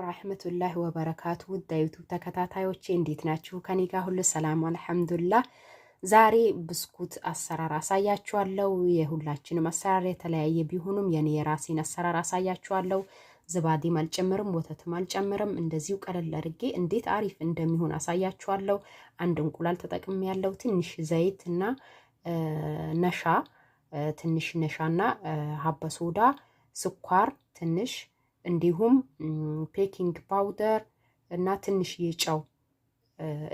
አለይኩም ወበረካቱ ውድ ዩቱብ ተከታታዮቼ እንዴት ናችሁ? ከኔ ጋር ሁሉ ሰላም አልሐምዱላ። ዛሬ ብስኩት አሰራር አሳያችኋለሁ። የሁላችንም አሰራር የተለያየ ቢሆንም የኔ የራሴን አሰራር አሳያችኋለሁ። ዝባዴም አልጨምርም፣ ወተትም አልጨምርም። እንደዚሁ ቀለል አድርጌ እንዴት አሪፍ እንደሚሆን አሳያችኋለሁ። አንድ እንቁላል ተጠቅም ያለው ትንሽ ዘይት እና ነሻ ትንሽ ነሻ እና ሀበ ሶዳ፣ ስኳር ትንሽ እንዲሁም ቤኪንግ ፓውደር እና ትንሽዬ ጨው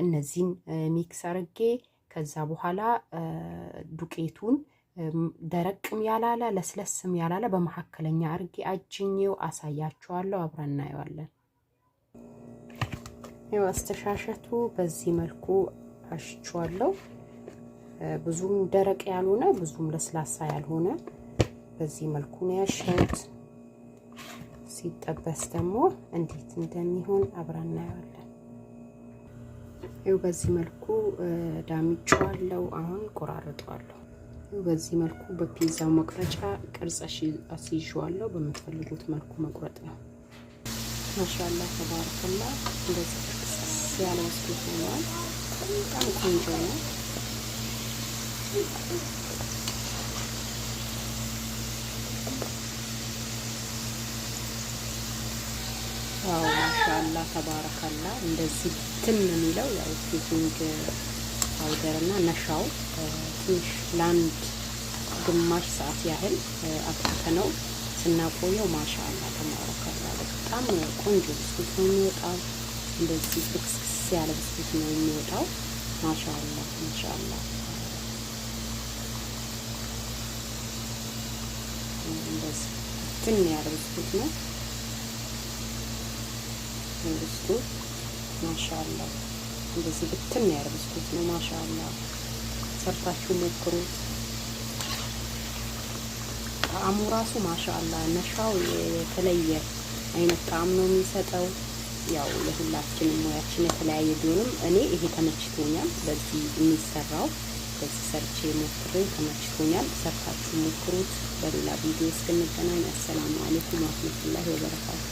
እነዚህን ሚክስ አርጌ ከዛ በኋላ ዱቄቱን ደረቅም ያላለ ለስለስም ያላለ በመካከለኛ አርጌ አጅኜው አሳያችኋለሁ። አብረን እናየዋለን። የማስተሻሸቱ በዚህ መልኩ አሽችዋለሁ። ብዙም ደረቅ ያልሆነ ብዙም ለስላሳ ያልሆነ በዚህ መልኩ ነው ያሸሁት። ሲጠበስ ደግሞ እንዴት እንደሚሆን አብረን እናየዋለን። ይኸው በዚህ መልኩ ዳምጬዋለሁ። አሁን ቆራርጠዋለሁ። በዚህ መልኩ በፒዛው መቁረጫ ቅርጽ አስይዤዋለሁ። በምትፈልጉት መልኩ መቁረጥ ነው። ማሻላ ተባረከላ። እንደዚህ ቅርጽ ያለ ውስጥ ሆኗል። በጣም ቆንጆ ነው። ተባረከላ እንደዚህ ትን የሚለው ያው ቤኪንግ ፓውደር እና ነሻው ትንሽ ለአንድ ግማሽ ሰዓት ያህል ነው ስናቆየው ማሻአላ ተባረከላ በጣም ቆንጆ ብስኩት ነው የሚወጣው። እንደዚህ ፍክስክስ ያለ ብስኩት ነው የሚወጣው። ማሻአላ ማሻአላ እንደዚህ ትን ያለ ብስኩት ነው። ብስኩት ማሻላ እንደዚህ ብትን ያለ ብስኩት ነው። ማሻላ ሰርታችሁ ሞክሩት። ጣዕሙ ራሱ ማሻአላ ነሻው የተለየ አይነት ጣዕም ነው የሚሰጠው። ያው የሁላችንም ሙያችን የተለያየ ቢሆንም እኔ ይሄ ተመችቶኛል። በዚህ የሚሰራው በዚህ ሰርቼ ሞክሬ ተመችቶኛል። ሰርታችሁ ሞክሩት። በሌላ ቪዲዮ እስክንገናኝ አሰላሙ አሌይኩም ወረህመቱላሂ ወበረካቱ።